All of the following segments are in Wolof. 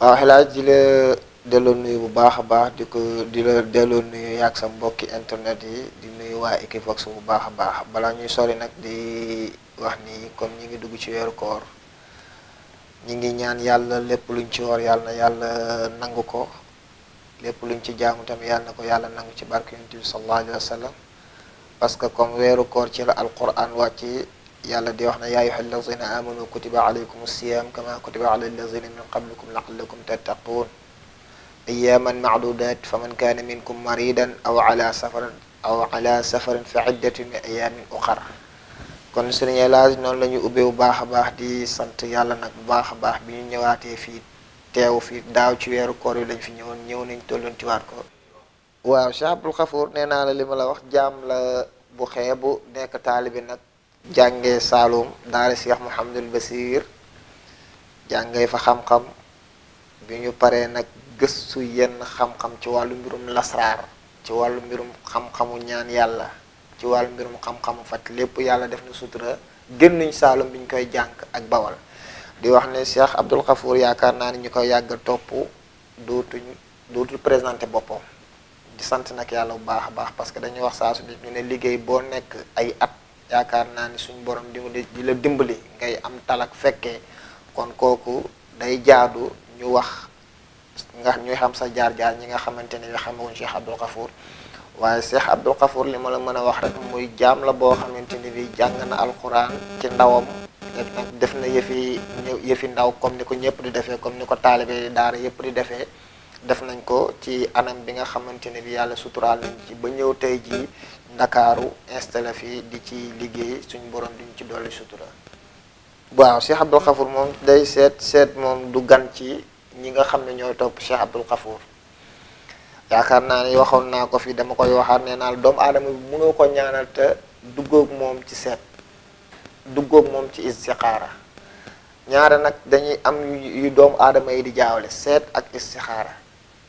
waaw ah, xalaat di la delloo nuyu bu baax a baax di ko di la delloo nuyu yaag sa mbokki internet yi di nuyu waa Equivox bu baax a baax balaa ñuy sori nag di wax ni comme ñi ngi dugg ci weeru koor ñi ngi ñaan yàlla lépp luñ ci woor yàlla na yàlla nangu ko lépp luñ ci jaamu tamit yàlla na ko yàlla nangu ci barke yonent bi sallallahu alayhi wa sallam comme weeru koor ci la alquran wàcc yàlla di wax ne yaa ayyuha allazina amanu kutiba alaykum siyam kama kutiba ala allazina min qablikum laallakum tattaqun ayyaman maadudat fa man kaana minkum maridan aw ala safarin aw ala safarin fa iddatu min kon sëriñ El Hadj noonu la ñu ubi bu baax a baax di sant yàlla nag bu baax a baax bi ñu ñëwaatee fii teew fii daaw ci weeru koor yi lañ fi ñëwoon ñëw nañ tolloon ci waat ko waaw Cheikh Abdou Khafour nee naa la li ma la wax jaam la bu xeebu nekk taalibi nag jàngee Saalum daara Cheikh Mouhamadul Basir jàngee fa xam-xam bi ñu paree nag gëstu yenn xam-xam ci wàllu mbirum lasraar ci wàllu mbirum xam-xamu ñaan yàlla ci wàllu mbirum xam-xamu faj lépp yàlla def na sutura génnuñ Saalum bi ñu koy jànk ak bawal di wax ne Cheikh Abdul Xafour yaakaar naa ni ñu koy yàgg topp dootuñ dootul présenté boppam di sant nag yàlla bu baax a baax parce que dañuy wax saa su nit ñu ne liggéey boo nekk ay at yaakaar naa ni suñu borom dimbali di la dimbali ngay am talak fekkee kon kooku day jaadu ñu wax nga ñuy xam sa jaar-jaar ñi nga xamante ne ñu xamewuñ Cheikh Abdou Khafour waaye Cheikh Abdou Khafour li ma la mën a wax rek muy jaam la boo xamante ni bi jàng na alxuraan ci ndawam nag def na yëfi yëfi ndaw comme ni ko ñëpp di defee comme ni ko taalibe daara yëpp di defee def nañ ko ci anam bi nga xamante ne bi yàlla suturaal nañ ci ba ñëw tey jii ndakaaru installé fii di ci liggéey suñu borom duñ ci dolli sutura waaw Cheikh Abdoul Khafour moom day seet seet moom du gan ci ñi nga xam ne ñoo topp Cheikh Abdoul Khafour yaakaar naa ne waxoon naa ko fii dama koy waxaat ne naa doom aadama bi mënoo ko ñaanal te duggoog moom ci seet duggoog moom ci istixaara ñaare nag dañuy am yu doomu aadama yi di jaawle seet ak istixaara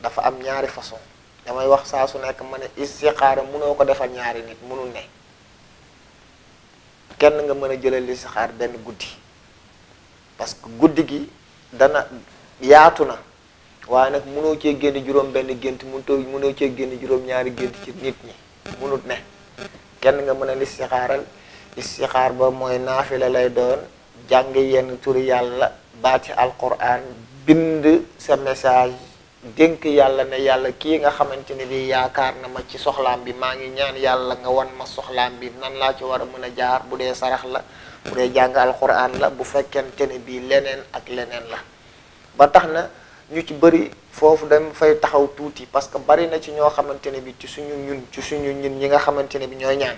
dafa am ñaari façon damay wax saa su nekk ma ne istixaara mënoo ko defal ñaari nit mënul ne kenn nga mën a jëlal istixaar benn guddi parce que guddi gi dana yaatu na waaye nag mënoo cee génn juróom gént mënutoo mënoo cee génn juróom ñaari gént nit ñi mënut nga mën a listixaaral istixaar ba mooy naafila lay doon jàng yenn turi yàlla baati alquran bind sa message dénk yàlla ne yàlla kii nga xamante ne bi yaakaar na ma ci soxlaam bi maa ngi ñaan yàlla nga wan ma soxlaam bi nan laa ci war a mën a jaar bu dee sarax la bu dee jàng alxuraan la bu fekkente ne bii leneen ak leneen la ba tax na ñu ci bëri foofu dem fay taxaw tuuti parce que bari na ci ñoo xamante ne bi ci suñu ñun ci suñu ñun ñi nga xamante ne bi ñooy ñaan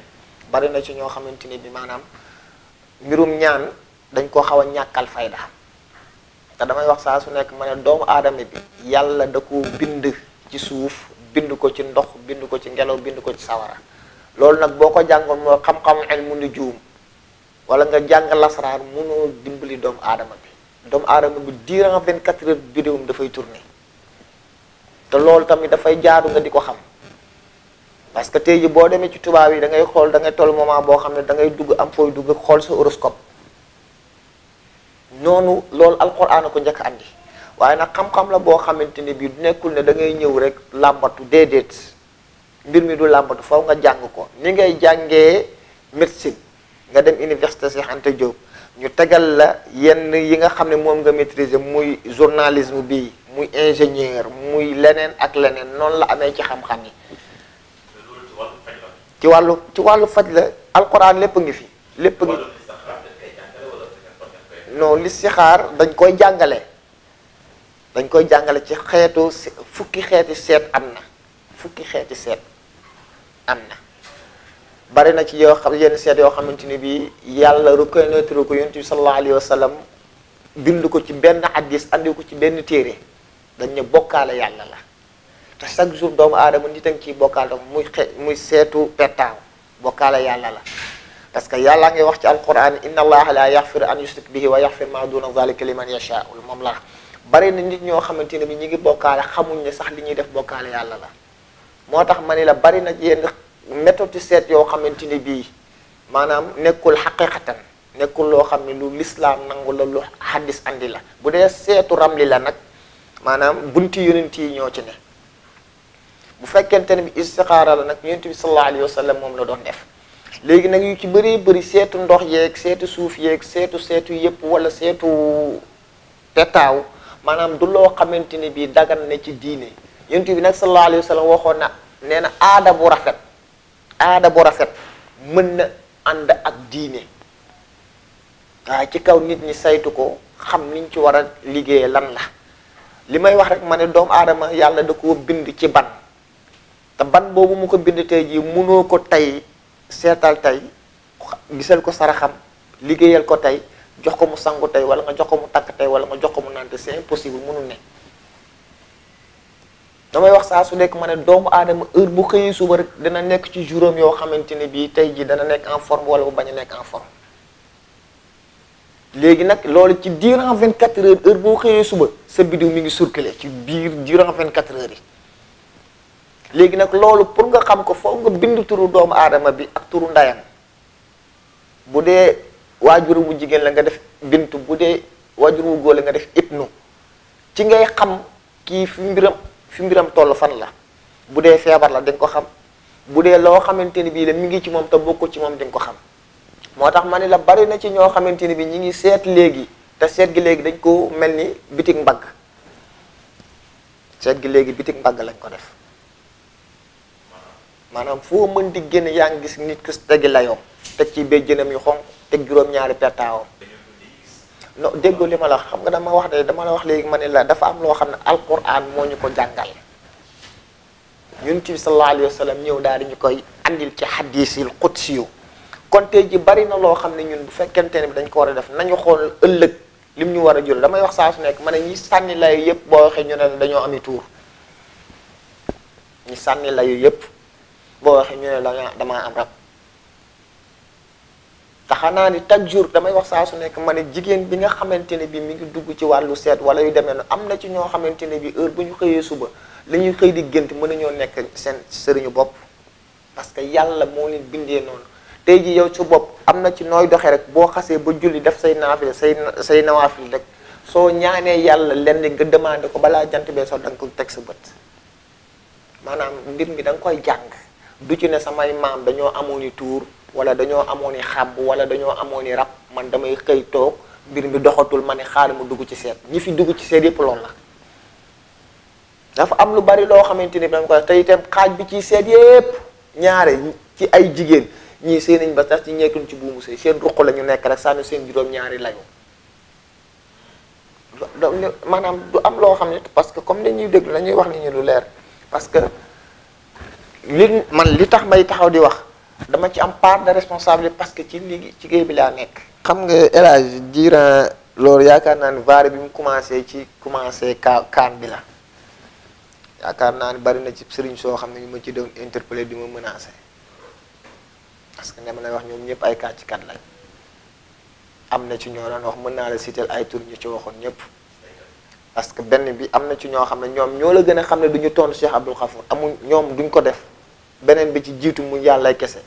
bari na ci ñoo xamante ne bi maanaam mbirum ñaan dañ ko xaw a ñàkkal fayda damay wax saa su nekk ma ne doomu aadama bi yàlla da ko bind ci suuf bind ko ci ndox bind ko ci ngelaw bind ko ci sawara loolu nag boo ko jàngoon moo xam-xam ilmu nujuum wala nga jàng lasaraar mënoo dimbali doomu aadama bi doomu aadama bi durant vingt quatre heures bidéwum dafay tourner te loolu tamit dafay jaadu nga di ko xam parce que tey ji boo demee ci tubaab yi da ngay xool dangay toll moment boo xam ne da dugg am fooy dugg xool sa horoscope noonu loolu alquran ko njëkk andi waaye nag xam-xam la boo xamante ne bii nekkul ne da ngay ñëw rek làmbatu déedéet mbir mi du làmbatu foofu nga jàng ko ni ngay jàngee médecine nga dem université Cheikh Anta Diop ñu tegal la yenn yi nga xam ne moom nga maitrise muy journalisme bi muy ingénieur muy leneen ak leneen noonu la amee ci xam-xam yi ci wàllu ci wàllu faj la alquran lépp ngi fi lépp ngi non listixaar dañ koy jàngale dañ koy jàngale ci xeetu fukki xeeti seet am na fukki xeeti seet am na bari na ci yoo xam yenn seet yoo xamante ni bii yàlla reconnaître ko yonent bi sallallahu alayhi bind ko ci benn hadis andi ko ci benn téere dañ ne bokkaale yàlla la te chaque jour doomu aadama nit a ngi ciy bokkaale muy xe muy seetu pettaaw bokkaale yàlla la parce que yàllaa ngi wax ci alquran inna allaha la yaxfir an yushrik bihi wa yaxfir ma duna zalika liman yashaul moom la bari na nit ñoo xamante ne bi ñu ngi bokkaale xamuñ ne sax li ñuy def bokkaale yàlla la moo tax ma ni la bari na yenn méthode seet yoo xamante ni bii maanaam nekkul xaqiqatan nekkul loo xam ne lu lislaam nangu la lu xaddis andi la bu dee seetu ramli la nag maanaam bunti yonent yi ñoo ci ne bu fekkente ne bi istixaara la nag yonent bi sallallahu alayhi wa sallam moom la doon def léegi nag yu ci bëree bëri seetu ndox yeeg seetu suuf yeeg seetu seetu yépp wala seetu tetaaw maanaam du loo xamante ni bii dagan ne ci diine yonent bi nag sallallahu alayhi wa waxoon na nee na aada bu rafet aada bu rafet mën na ànd ak diine waaye ci kaw nit ñi saytu ko xam liñ ci war a liggéeye lan la li may wax rek ma ne doomu aadama yàlla da ko bind ci ban te ban boobu mu ko bind tey jii munoo ko tey seetal tey gisal ko saraxam liggéeyal ko tey jox ko mu sangu tey wala nga jox ko mu takk tey wala nga jox ko mu nante c'est impossible mënul ne damay wax saa su nekk ma ne doomu aadama heure bu xëyee suba rek dana nekk ci juróom yoo xamante ne bii tey ji dana nekk en forme wala bu bañ a nekk en forme léegi nag loolu ci durant 24 heures heure boo xëyee suba sa biddiw mi ngi circulé ci biir durant 24 heures yi léegi nag loolu pour nga xam ko foog nga bind turu doomu aadama bi ak turu ndayam bu dee waajur wu jigéen la nga def bintu bu dee waajur wu góor la nga def ibnu ci ngay xam kii fi mbiram fi mbiram toll fan la bu dee feebar la dañ ko xam bu dee loo xamante ni bii la mi ngi ci moom te bokku ci moom dañ ko xam moo tax ma ne la bari na ci ñoo xamante ni bi ñu ngi seet léegi te seet gi léegi dañ ko mel ni bitik mbagg seet gi léegi bitig mbagg lañ ko def maanaam foo mën di génn yaa ngi gis nit ku tegi layoom teg ci béy jënam yu xonq te juróom-ñaari pertaawam non déggoo li ma la xam nga dama wax de dama la wax léegi ma ne la dafa am loo xam ne alquran moo ñu ko jàngal yonent bi sallallahu alayhi wa ñëw daal di koy andil ci hadiisil qudsi yu kon tey ji bari na loo xam ne ñun bu fekkente ne bi dañ ko war a def nañu xool ëllëg lim ñu war a jur damay wax saa su nekk ma ne ñi sànni layu yëpp boo waxee ñu ne dañoo ami tuur ñi sànni layu yëpp boo waxee ñu ne damaa am rab te xanaa ni chaque jour damay wax saa su nekk ma jigéen bi nga xamante ne bi mi ngi dugg ci wàllu seet wala yu demee noonu am na ci ñoo xamante ne bi heure bu ñu xëyee suba la ñuy xëy di gént mën nañoo nekk seen sëriñu bopp parce que yàlla moo leen bindee noonu tey ji yow su bopp am na ci nooy doxee rek boo xasee ba julli def say naafil say say nawaafil rek soo ñaanee yàlla lenn nga demandé ko balaa jant bee sax danga ko teg sa bët maanaam mbir mi da nga koy jàng du ci ne samay maam dañoo amoon yi tuur wala dañoo amoon i xàbb wala dañoo amoon i rab man damay xëy toog mbir mi doxatul ma ne xaaral ma dugg ci seet ñi fi dugg ci seet yëpp loolu dafa am lu bari loo xamante ni dama ko te xaaj bi ciy seet yépp ñaare ci ay jigéen ñii seen nañ ba tax ci ñekkuñ ci buumu sëy seen ruq lañu nekk rek sànni seen juróom-ñaari layu maanaam du am loo xam ne parce que comme dañuy déglu dañuy wax ni ñu lu leer parce que li man li tax may taxaw di wax dama ci am part de responsabilité parce que ci li ci géej bi laa nekk. xam nga El Hadj diiran loolu yaakaar naa ni vaare bi mu commencé ci commencé kaa kaan bi la yaakaar naa ni bari na ci sëriñ soo xam ne ñu ma ci doon interpellé di ma menacé parce que ne ma lay wax ñoom ñëpp ay kàccikat lañ am na ci ñoo doon wax mën naa la citer ay tur ñu ci waxoon ñëpp parce que benn bi am na ci ñoo xam ne ñoom ñoo la gën a xam ne du ñu tontu Cheikh Abdou Khafour amuñ ñoom duñ ko def. beneen bi ci jiitu mu yàllay kese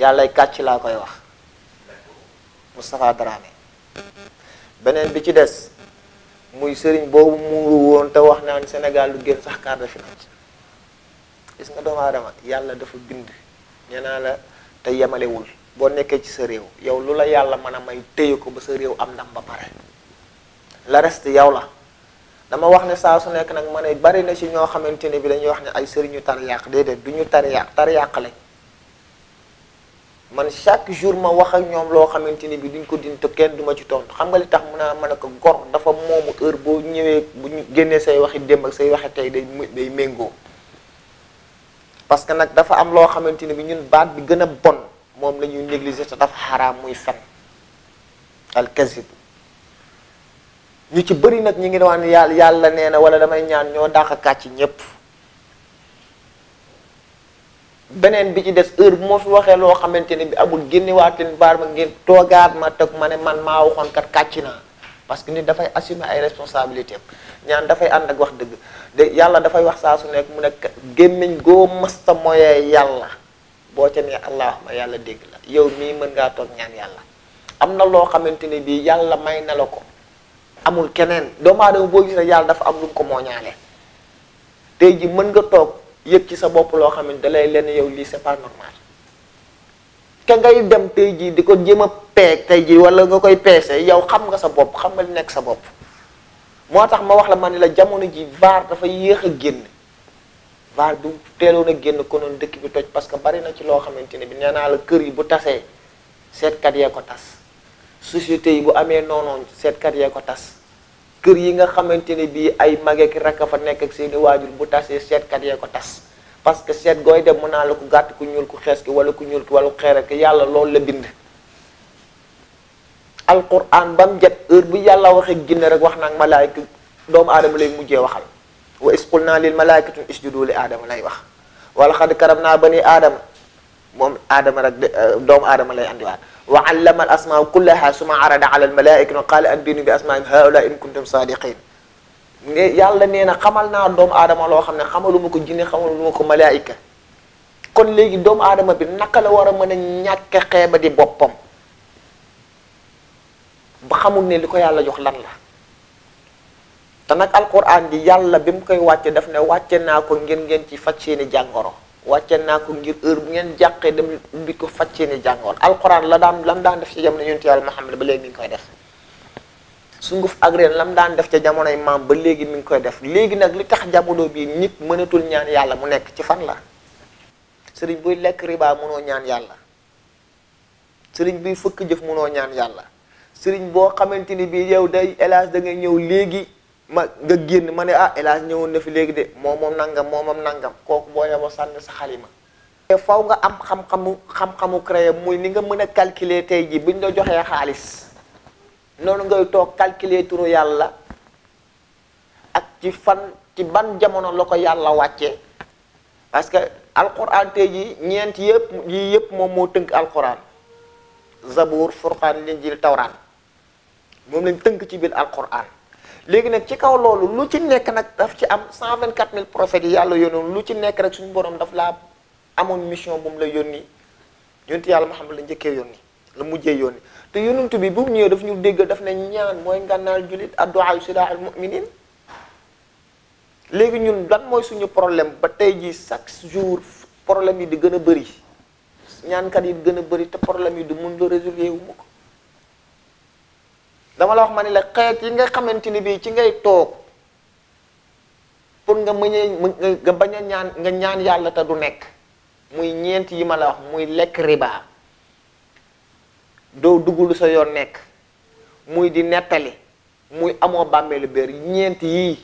yàllay kàcc laa koy wax Moustapha Dramé beneen bi ci des muy sëriñ boobu muuru woon te wax naan Sénégal lu génn sax quart de finale gis nga doomu aadama yàlla dafa bind nee naa la te yemalewul boo nekkee ci sa réew yow lu la yàlla mën a may téye ko ba sa réew am ndam ba pare la reste yow la dama wax ne saa su nekk nag ma ne bari na ci ñoo xamante ne bi dañuy wax ne ay sëriñu tariyàq déedéet du ñu tariyàq tariyàq lañ man chaque jour ma wax ak ñoom loo xamante ni bi duñ ko din kenn duma ci tontu xam nga li tax mun a mën a ko gor dafa moomu heure boo ñëwee bu ñu génnee say waxi démb ak say waxi tey day day méngoo parce que nag dafa am loo xamante ni bi ñun baat bi gën a bon moom la ñuy négliger te dafa xaraam muy fen al ñu ci bëri nag ñu ngi ne waan yàlla yàlla nee na wala damay ñaan ñoo dàq kàcc ñépp beneen bi ci des heure bu moo fi waxee loo xamante ne bi amul génnewaaten baar ma ngeen toogaat ma teg ma ne man maa waxoon kat kàcc naa parce que nit dafay assumer ay responsabilités ñaan dafay ànd ak wax dëgg yàlla dafay wax saa su nekk mu nekk gémmiñ goo masta moyee yàlla boo ca nee allahuma yàlla dégg la yow mii mën ngaa toog ñaan yàlla am na loo xamante ne bii yàlla may na ko amul keneen doomu aadama boo gis rek yàlla dafa am lu mu ko mooñaale tey ji mën nga toog yëg ci sa bopp loo xam ne dalay lenn yow lii sa pas normal ka ngay dem tey jii di ko jéem a peeg tey jii wala nga koy peese yow xam nga sa bopp xam nga li nekk sa bopp moo tax ma wax la ma ne la jamono ji vaar dafa yéex a génn vaar du teeloon a génn konoon dëkk bi toj parce que bari na ci loo xamante ne bi nee naa la kër yi bu tasee seetkat yee ko tas société yi bu amee noonu seetkat yee ko tas kër yi nga xamante ne bii ay mageek rakk a fa nekk ak seeni waajur bu tasee seetkat yee ko tas parce que seet gooy dem mën naa la ko gàtt ku ñuul ko xees ki wala ku ñuul ki wala ku xeere ki yàlla loolu la bind alquran ba mu jet heure bu yàlla waxee ginne rek wax naag malaayka doomu aadama lay mujjee waxal wa isqul naa lil malaayikatu isjudu li aadama lay wax wala xad karam naa bani aadama moom aadama rek doomu aadama lay andiwaat wa allama al asmaa kullaha suma arada ala al malaa'ikati wa qaala addini bi asmaa'im haula in kuntum saadiqin ne yàlla nee na xamal naa doomu aadama loo xam ne ma ko jinne xamaluma ko malaayika kon léegi doomu aadama bi naka la war a mën a ñàkk xeeba di boppam ba xamul ne li ko yàlla jox lan la te nag alquran ji yàlla bi mu koy wàcce daf ne wàcce naa ko ngeen ngeen ci faj seeni jàngoro wàcce naa ko ngir heure bu ngeen jàqee dem bi ko faccee ne jàngoon alxuraan la daan lam daan def ci jamono yonent yàlla Muhammad ba léegi mi ngi koy def sunguf ak reen lam daan def ci jamonoy maam ba léegi mi ngi koy def léegi nag li tax jamono bii nit mënatul ñaan yàlla mu nekk ci fan la sëriñ buy lekk riba mënoo ñaan yàlla sëriñ buy fukk jëf mënoo ñaan yàlla sëriñ boo xamante ni bii yow day hélas da ngay ñëw léegi ma nga génn ma ne ah El ñëwoon na fi léegi de moom moom nangam moomam nangam kooku boo yeboo sànni sa xalima te faw nga am xam-xamu xam-xamu créé muy ni nga mën a calculer tey jii buñ la joxee xaalis noonu ngay toog calculer turu yàlla ak ci fan ci ban jamono la ko yàlla wàccee parce que alquran tey ji ñeent yëpp yii yëpp moom moo tënk alquran zabuur furqaan linjil tawraan moom lañ tënk ci biir alquran léegi nag ci kaw loolu lu ci nekk nag daf ci am 124000 prophètes yi yàlla yónnoon lu ci nekk rek suñu borom daf laa amoon mission bu mu la nii yonent yàlla Muhammad la njëkkee yónni la mujjee yónni te yonent bi bu mu ñëwee daf ñu dégg daf ne ñaan mooy ngànnaal julit addu'a silaahul mu'minin léegi ñun lan mooy suñu problème ba tey ji chaque jours problème yi di gën a bëri ñaankat yi di gën a bëri te problème yi du mun la résolver wu ko dama la wax ma ne la xeet yi nga xamante ni bii ci ngay toog pour nga mëñee nga bañ a ñaan nga ñaan yàlla te du nekk muy ñeent yi ma la wax muy lekk riba doo dugg lu sa yoon nekk muy di nettali muy amoo bàmmeelu béer ñeent yii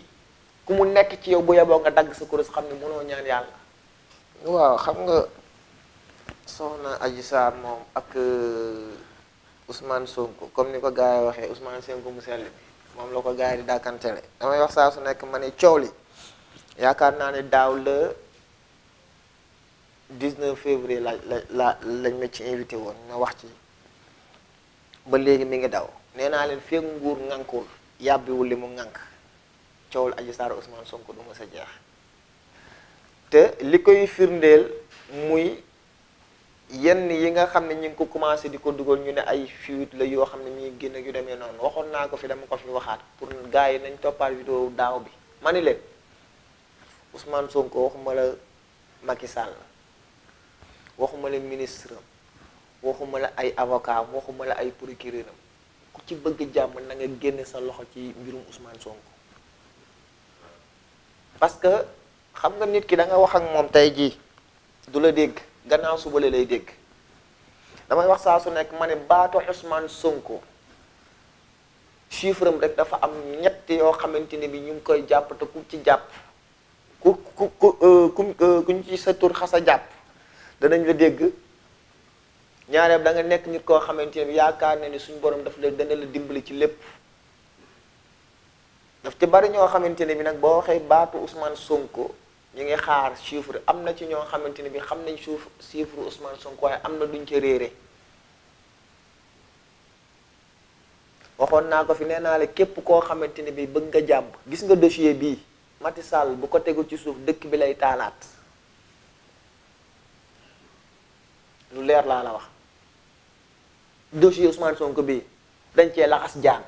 ku mu nekk ci yow bu yeboo nga dagg sa kurus xam ne mënoo ñaan yàlla waaw xam nga soxna Adji Sarr moom ak Ousmane Sonko comme ni ko gars yi waxee Ousmane Sonko mu sell moom la ko gars yi di dàkkantele damay wax saa su nekk ma ne coow li yaakaar naa ne daaw la 19 février la la la lañ ma ci invité woon ma wax ci ba léegi mi ngi daw nee naa leen feeg nguur ŋànkul yàbbiwul li mu ŋànk coowul Adji Sarr Ousmane Sonko du ma sa jeex te li koy firndeel muy yenn yi nga xam ne ñu ngi ko commencé di ko dugal ñu ne ay fuite la yoo xam ne ñu ñuy génn yu demee noonu waxoon naa ko fi dama ko fi waxaat pour gars yi nañ toppaat vidéo daaw bi ma ni leen Ousmane Sonko waxuma la Macky Sall waxuma la ministre am waxuma la ay avocat am waxuma la ay procureur ku ci bëgg jàmm na nga génne sa loxo ci mbirum Ousmane Sonko parce que xam nga nit ki da nga wax ak moom tey jii du la dégg. gannaaw suba la lay dégg damay wax saa su nekk ma ne baatu Ousmane Sonko chiffre am rek dafa am ñett yoo xamante ni bi ñu ngi koy jàpp te ku ci jàpp ku ku ku euh, kuñ euh, ci sa tur xasa jàpp danañ la dégg ñaareel da nga nekk nit koo xamante ne bi yaakaar na ni suñu borom daf la dana la dimbali ci lépp daf ci bari ñoo xamante ne bi nag boo waxee baatu Ousmane Sonko. ñu ngi xaar chiffre am na ci ñoo xamante ne bi xam nañ suuf chiffre Ousmane Sonko waaye am na duñ ca réere waxoon naa ko fi nee naa la képp koo xamante ne bi bëgg nga jàmb gis nga dossier bi Macky Sall bu ko tegul ci suuf dëkk bi lay taalaat lu leer laa la wax dossier Ousmane Sonko bii dañ cee laxas jaan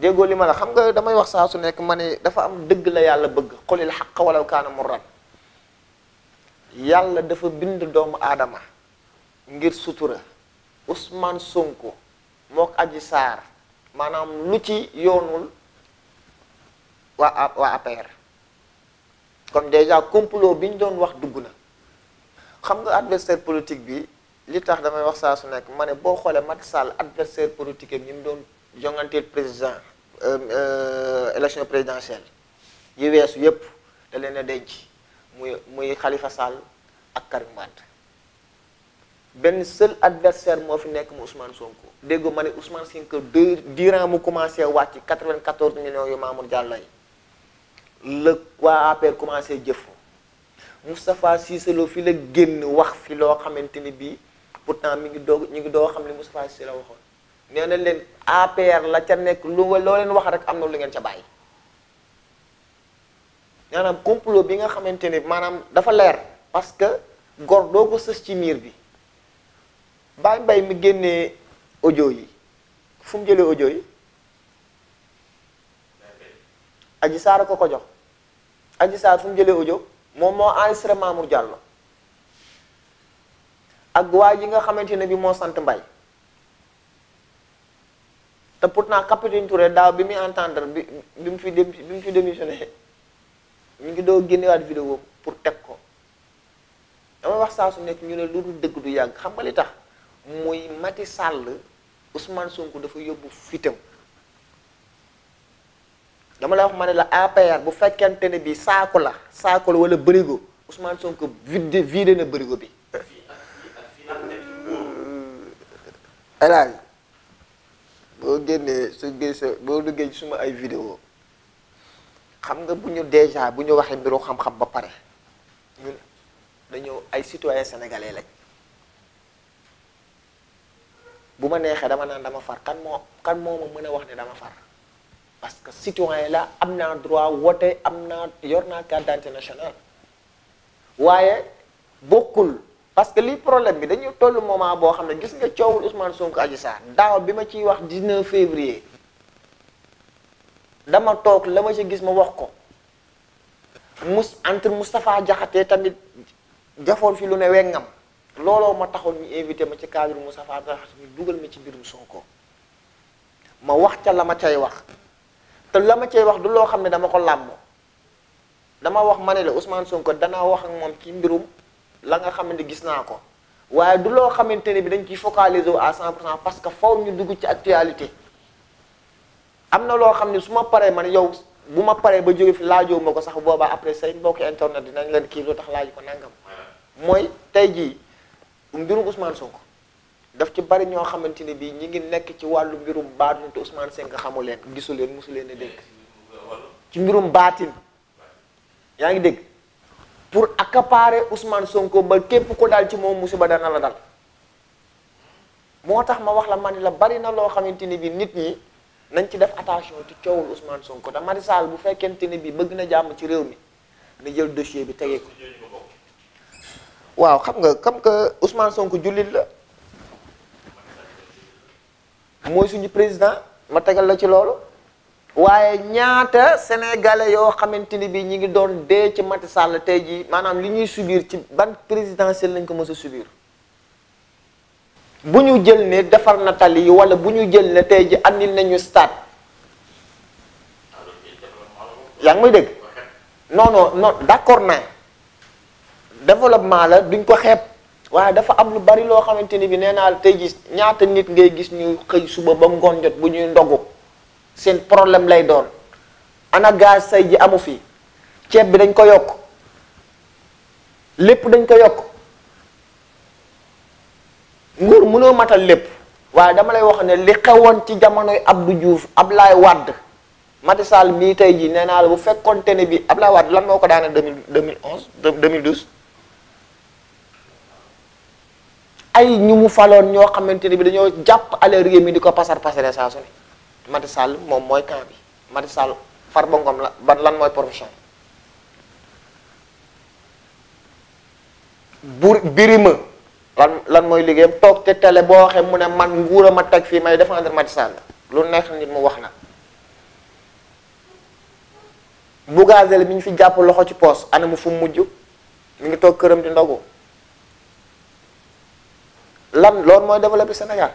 déggoo li ma la xam nga damay wax saa su nekk ma ne dafa am dëgg la yàlla bëgg xulil xaq walaw kaana murran yàlla dafa bind doomu aadama ngir sutura Ousmane Sonko mook Adji Sarr maanaam lu ci yoonul waa waa APR kon déjà complot bi ñu doon wax dugg na xam nga adversaire politique bi li tax damay wax saa su nekk ma ne boo xoolee Macky Sall adversaire politique am ñi mu doon jonganteel président Euh, euh, élection présidentielle yi weesu yépp da leen a denc muy muy xalifa Sall ak Karim Wade benn seul adversaire moo fi nekk mu Ousmane Sonko déggo ma ne Ousmane Sonko de durant mu commencé wàcc 94 millions yu Mamour Diallo yi la waa APR commencé jëf Moustapha Cissé Lo fi la génn wax fi loo xamante ni bii pourtant mu ngi doog ñu ngi doo xam ne Moustapha Cissé la waxoon nee na leen APR la ca nekk lu loo leen wax rek am na lu ngeen ca bàyyi maanaam complot bi nga xamante ne maanaam dafa leer parce que gor doo ko sës ci miir bi Baye mbay mi génnee audio yi fu mu jëlee audio yi Adji Sarr ko ko jox Adji Sarr fu mu jëlee audio moom moo enregistré Mamour Diallo ak waa ji nga xamante ne bi moo sant mbay te pourtant capitaine Touré daaw bi muy entendre bi bi mu fi dem bi mu fi démissionné ñu ngi doo génnewaat vidéo pour teg ko dama wax saa su nekk ñu ne lu dul dëgg du yàgg xam nga li tax muy Macky Sall usman Sonko dafa yóbbu fitam dama la wax ma ne la APR bu fekkente ne bi saako la saako la wala bërigo Ousmane Sonko vide vide na bërigo bi. boo génnee sa gé sa boo duggee suma ay vidéo xam nga bu ñu déjà bu ñu waxee mbiru xam-xam ba pare ñun ay citoyen sénégalais lañ bu ma neexee dama naan dama far kan moo kan moo ma mën a wax ne dama far parce que citoyen la am naa droit wote am naa yor naa carte d'identité nationale waaye bokkul parce que li problème bi dañu toll moment boo xam ne gis nga coowul Ousmane Sonko Adji Sarr daaw bi ma ciy wax 19 février dama toog la ma ci gis ma wax ko mus entre Moustapha Diakhaté tamit jafoon fi lu ne wengam looloo ma taxoon ñu invité ma ci cadre Moustapha Diakhaté ñu dugal ma ci mbirum Sonko ma wax ca la ma cay wax te la ma cay wax du loo xam ne dama ko làmb dama wax ma ne la Ousmane Sonko danaa wax ak moom ci mbirum. la nga xamante gis naa ko waaye du loo xamante ne bi dañ ciy focaliser wu à 100 pour cent parce que faw ñu dugg ci actualité am na loo xam ne su ma paree man yow bu ma paree ba jóge fi laajoo ko sax boobaa après say mbokki internet dinañ leen kii loo tax laaj ko nangam mooy tey jii mbirum Ousmane Sonko daf ci bari ñoo xamante ni bii ñu ngi nekk ci wàllu mbirum baatin te Ousmane nga xamu leen gisu leen mosu leen a dégg ci mbirum baatin yaa ngi dégg. pour accaparer Ousmane Sonko ba képp ko daal ci moom musiba na la dal moo tax ma wax la man la bari na loo xamante ni bi nit ñi nañ ci def attention ci coowul Ousmane Sonko da Macky Sall bu fekkente ni bi bëgg na jàmm ci réew mi na jël dossier bi tege ko waaw xam nga comme que Ousmane sonk jullit la mooy suñu président ma tegal la ci loolu waaye ñaata sénégalais yoo xamante ni bii ñi ngi doon dee ci Macky Sall tey jii maanaam li ñuy subiir ci ban présidentiel lañ ko mës a subir bu ñu jël ne defar na tali yi wala bu ñu jël ne tey jii andil nañu stade yaa ngi may dégg non non non d'accord naa développement la duñ ko xeeb waaye dafa am lu bari loo xamante ni bi nee naa tey ji ñaata nit ngay gis ñu xëy suba ba ngoon jot bu ñuy ndogu. seen problème lay doon ana gaz say ji amu fi ceeb bi dañ ko yokk lépp dañ ko yokk nguur mënoo matal lépp waaye dama lay wax ne li xewoon ci jamonoy ab Abdou Diouf Ablaye Wade Macky Sall mii tey jii nee naa la bu fekkoonte ne bi Ablaye Wade lan moo ko daane deux mille deux mille onze deux mille douze ay ñu mu faloon ñoo xamante ne bi dañoo jàpp alal réew mi di ko pasar pasare saa su ne Macky Sall moom mooy camp bi Macky Sall Farba Ngom la ban lan mooy profession bu Birima lan lan mooy liggéeyam toog te tele boo waxee mu ne man nguura ma teg fii may défendre Macky Sall lu neex nit mu wax na Bougazelli mi ñu fi jàpp loxo ci poos ana mu fu mujj mi ngi toog këram di ndogu lan loolu mooy développer Sénégal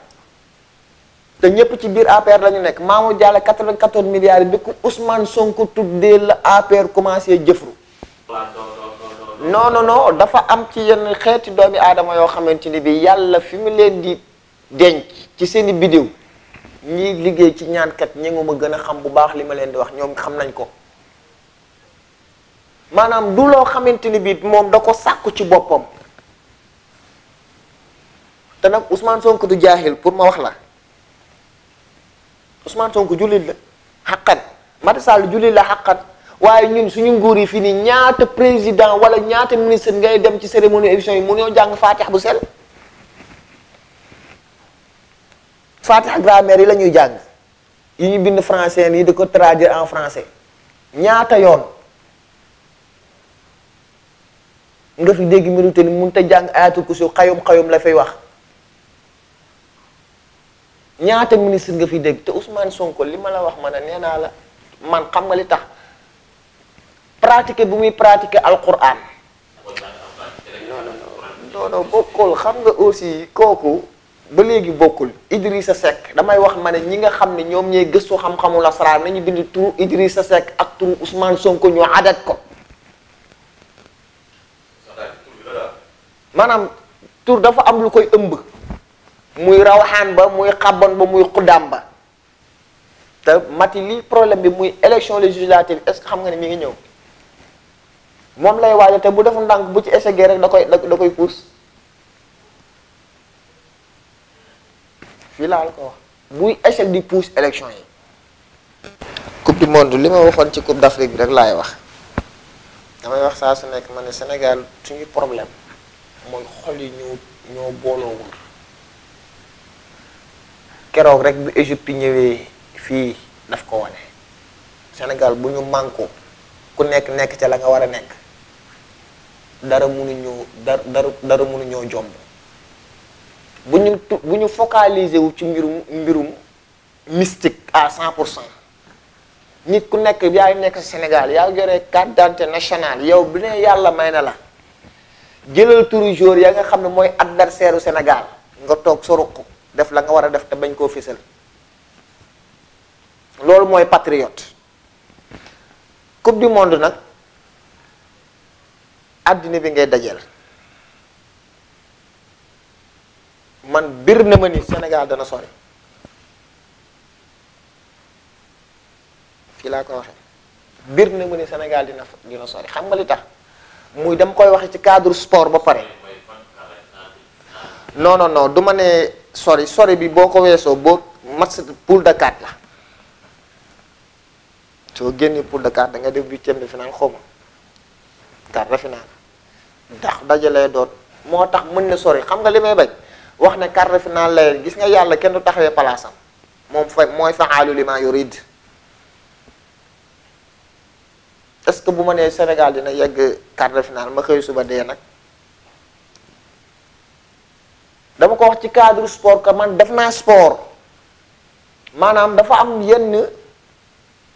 te ñëpp ci biir lañu nekk ñu nekk Mamour Diallo 94 milliards bi ko Ousmane Sonko tuddee la APR commencé jëfru non non dafa am ci yenn xeeti doomi aadama yoo xamante ni bi yàlla fi mu leen di denc ci seen i bidéw ñiy liggéey ci ñaankat ñi gën a xam bu baax li ma leen di wax ñoom xam nañ ko maanaam du loo xamante ni bi moom da ko sàkku ci boppam te nag Ousmane Sonko du jaaxil pour ma wax la Ousmane Sonko jullit la xaqan Macky Sall jullit la xaqan waaye ñun suñu nguur yi fii nii ñaata président wala ñaata ministre ngay dem ci cérémonie élection yi mu ñoo jàng Fatiha bu sell Fatiha grammaire yi lañuy jàng yi ñu bind français nii di ko traduire en français ñaata yoon nga fi dégg minute ni mënut a jàng ayatul kursi xayum xayum la fay wax. ñaata ministre nga fi dégg te Ousmane Sonko li ma la wax ma ne nee naa la man xam nga li tax pratiquer bu muy pratiquer alquran. non non non bokkul xam nga aussi kooku ba léegi bokkul sa Seck damay wax ma ne ñi nga xam ne ñoom ñooy gëstu xam-xamu lasraar nañu bind turu sa Seck ak turu Ousmane Sonko ñoo adat ko. maanaam tur dafa am lu koy ëmb. muy rawaxaan ba muy xabban ba muy xuddaam ba te mati li problème bi muy élection législative est-ce que xam nga ne mu ngi ñëw moom lay waaja te bu defu ndànk bu ci essayé rek da koy da koy pouse fii laa la ko wax buy échec di puus élection yi coupe du monde li ma waxoon ci coupe d'Afrique bi rek laay wax damay wax saa su nekk ma ne Sénégal suñu problème mooy xol yi ñoo ñoo booloowul keroog rek bu Égypte ñëwee fii daf ko wane Sénégal bu ñu mànkoo ku nekk nekk ca la nga war a nekk dara mënuñoo dara dara dara mënuñoo jomb bu ñu tu bu ñu focaliser wu ci mbirum mbirum mystique à cent pour cent nit ku nekk yaa nekk Sénégal yaa yore carte d'identité nationale yow bi ne yàlla may na la jëlal turu jour ya nga xam ne mooy adversaire u Sénégal nga toog sa ruq def la nga war a def te bañ koo fésal loolu mooy patriot coupe du monde nag àddina bi ngay dajeel man biir na ma ni Sénégal dana sori fii laa ko waxee biir na ma ni Sénégal dina dina sori xam nga li tax muy dama koy waxee ci cadre sport ba pare non non non ne sori sori bi boo ko weesoo boo match poule de quatre la soo génnee poule de quatre da nga def huitième de finale xaw ma quart de finale ndax dajalee doon moo tax mën na sori xam nga li may bañ wax ne quart de finale lay gis nga yàlla kenn du taxawee palaasam moom fa mooy fa aalu li maa ce que bu ma nee Sénégal dina yegg quart de finale ma xëy suba dee nag. dama ko wax ci cadre sport que man def naa sport maanaam dafa am yenn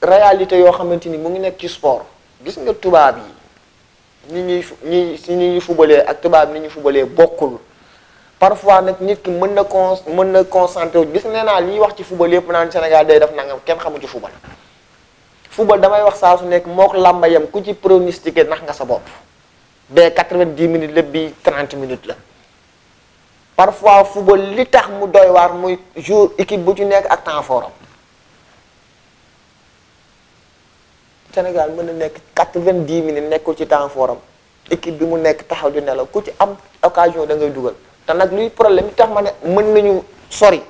réalité yoo xamante ni mu ngi nekk ci sport gis nga tubaab yi ni ñuy fu si su ñuy fubalee ak tubaab ni ñuy fubalee bokkul parfois nag nit ki mën na con mën na concentré gis nee naa ñuy wax ci fubal yëpp naan Sénégal day def nangam kenn xamu ci fubal fubal damay wax saa su nekk moo làmba yam ku ci pronostiqué nax nga sa bopp ba 90 minutes la bi trent minutes la parfois football li tax mu doy waar muy jour équipe bu ci nekk ak temps fort Sénégal mën na nekk quatre-vingt-dix minutes nekkul ci temps fort équipe bi mu nekk taxaw di nelaw ku ci am occasion da ngay dugal te nag luy problème li tax ma ne mën nañu sori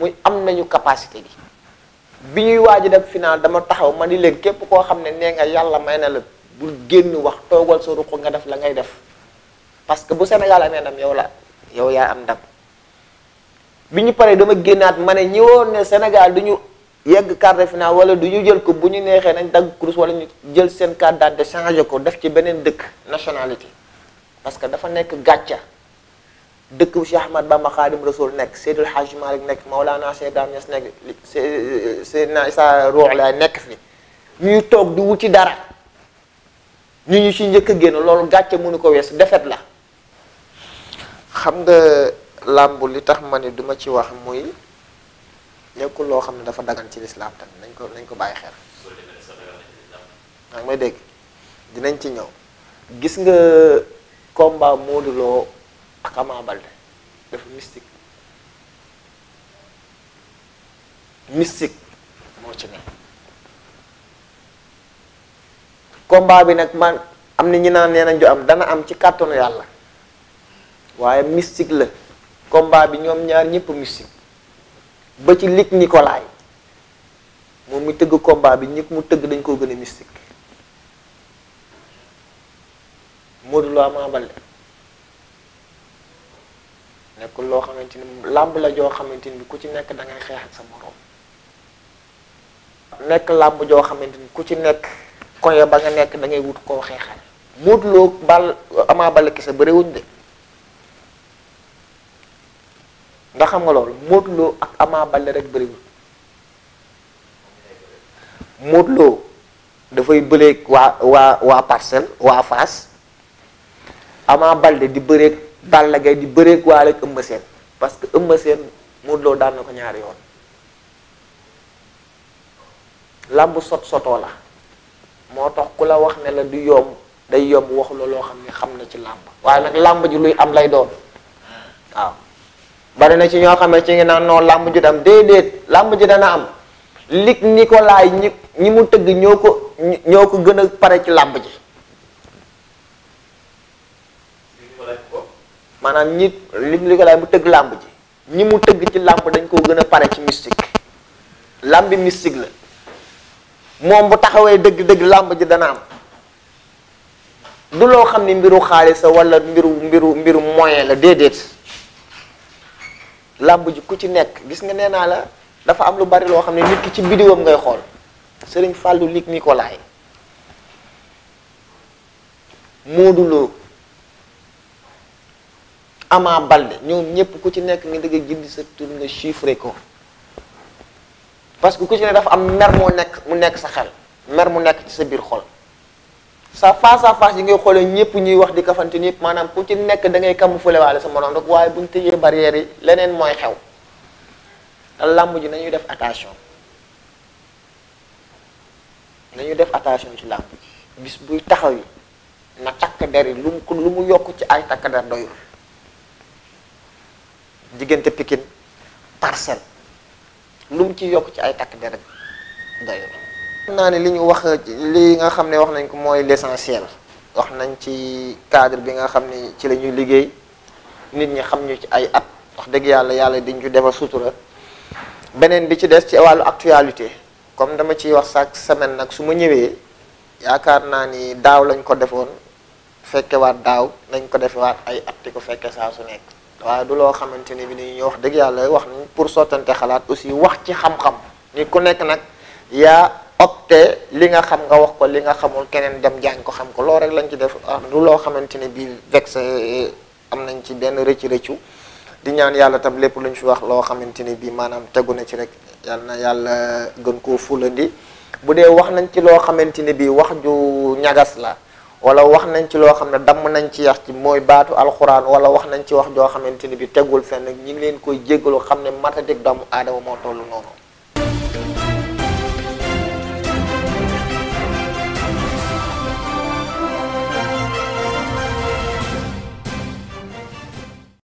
muy am nañu capacité gi bi ñuy waaj def final dama taxaw ma ni leen képp koo xam ne nee nga yàlla may na la bul génn wax toogal sa ruq nga def la ngay def parce que bu Sénégal amee ndam yow la yow yaa am ndam bi ñu paree dama génnaat ma ne ñi woon ne Sénégal du ñu yegg quart de finale wala du ñu jël ko bu ñu neexee nañ dagg course walla ñu jël seen carte d'identité changé ko def ci beneen dëkk nationalité parce que dafa nekk gàcca dëkk bu Cheikh Ahmad Bamba Xaadim Rasul nekk Seydil Hajj Malik nekk Maolana Cheikh Dame Niass nekk Seydina Issa Ruuhu Laay nekk fi ñuy toog di wuti dara ñu ñu ci njëkk génn loolu gàcce mënu ko weesu defet la xam nga làmb li tax ma ne du ma ci wax muy nekkul loo xam ne dafa dagan ci lislaam tamit nañ ko nañ ko bàyyi xel. maa ma dégg dinañ ci ñëw gis nga komba Modou Lo dafa mystique mystique moo ci ne combat bi nag man am na ñu naan nee nañ ju am dana am ci kàttanu yàlla waaye mystique la combat bi ñoom ñaar ñëpp mystique ba ci Luc Nicolaï moom mi tëgg komba bi ñëpp mu tëgg dañ koo gën a mystique Modou Lo Ama Baldé nekkul loo xamante ni làmb la joo xamante ni ku ci nekk da ngay xeex ak sa moroom nekk làmb joo xamante ni ku ci nekk koye ba nga nekk da ngay wut koo xeexal Modou Lo Bal Ama Baldé kese bëriwuñ de nga xam nga loolu Modou Lo ak Ama Baldé rek bëriwul Modou dafay bëreeg waa waa waa Parcelles waa Fass Ama Baldé di bëreeg Balla Gaye di bëreeg waa rek Eumeu Sène parce que Eumeu Sène Modou Lo daan na ko ñaari yoon làmb sot sotoo la moo tax ku la wax ne la du yomb day yomb waxu la loo xam ne xam na ci làmb waaye nag làmb ji luy am lay doon waaw bari na ci ñoo xam ne ci ngi naan noonu làmb ji am déedéet làmb ji dana am lig Nicolas ñi ñi mu tëgg ñoo ko ñoo ko gën a pare ci làmb ji maanaam ñi lig Nicolas mu tëgg làmb ji ñi mu tëgg ci làmb dañ koo gën a pare ci mystique làmbi mystique la moom bu taxawee dëgg-dëgg làmb ji dana am du loo xam ni mbiru xaalis walla mbiru mbiru mbiru moyen la déedéet làmb ji ku ci nekk gis nga nee naa la dafa am lu bari loo xam ne nit ki ci biddiwam ngay xool sëriñ fàllu Luc Nicolaï Modou Lo Ama Balde ñoom ñépp ku ci nekk nga dëgg gindi sa tur nga ko parce que ku ci ne dafa am mer moo nekk mu nekk sa xel mer mu nekk ci sa biir xool sa face à face yi ngay xoolee ñëpp ñuy wax di kafante ñëpp maanaam ku ci nekk dangay kam camoufler waale sa morom rek waaye bu ñu tëjee barrières yi leneen mooy xew te làmb ji nañuy def attention nañuy def attention ci làmb ji bis buy taxaw yi na takk der yi lu mu lu mu yokk ci ay takk der doyul diggante Pikine Parcelles lu mu ci yokk ci ay takk der doyul naa ne li ñu wax li nga xam ne wax nañ ko mooy l'essentiel wax nañ ci cadre bi nga xam ne ci la ñuy liggéey nit ñi xam ñu ci ay at wax dëgg yàlla yàlla diñ ñu defal sutura beneen bi ci des ci wàllu actualité comme dama ciy wax chaque semaine nag su ma ñëwee yaakaar naa ni daaw lañ ko defoon fekkewaat daaw nañ ko waat ay at di ko fekke saa su nekk waaye du loo xamante ni bi ni ñu wax dëgg yàlla wax nañ pour sottante xalaat aussi wax ci xam-xam ni nag opté li nga xam nga wax ko li nga xamul keneen dem jàng ko xam ko loo rek lañu ci def ah, du loo xamante ne bii vexe eh, eh, am nañ ci benn rëccu rëccu di ñaan yàlla tam lépp luñ fi wax loo xamante ne bii maanaam tegu na ci rek yàlla na yàlla gën koo fulandi bu dee wax nañ ci loo xamante ne bii wax ju ñagas la wala wax nañ ci loo xam ne damm nañ ci yax ci mooy baatu alxuraan wala wax nañ ci wax joo xamante ne bii tegul fenn ñu ngi leen koy jéggalu xam ne matadik doomu aadama moo tollu noonu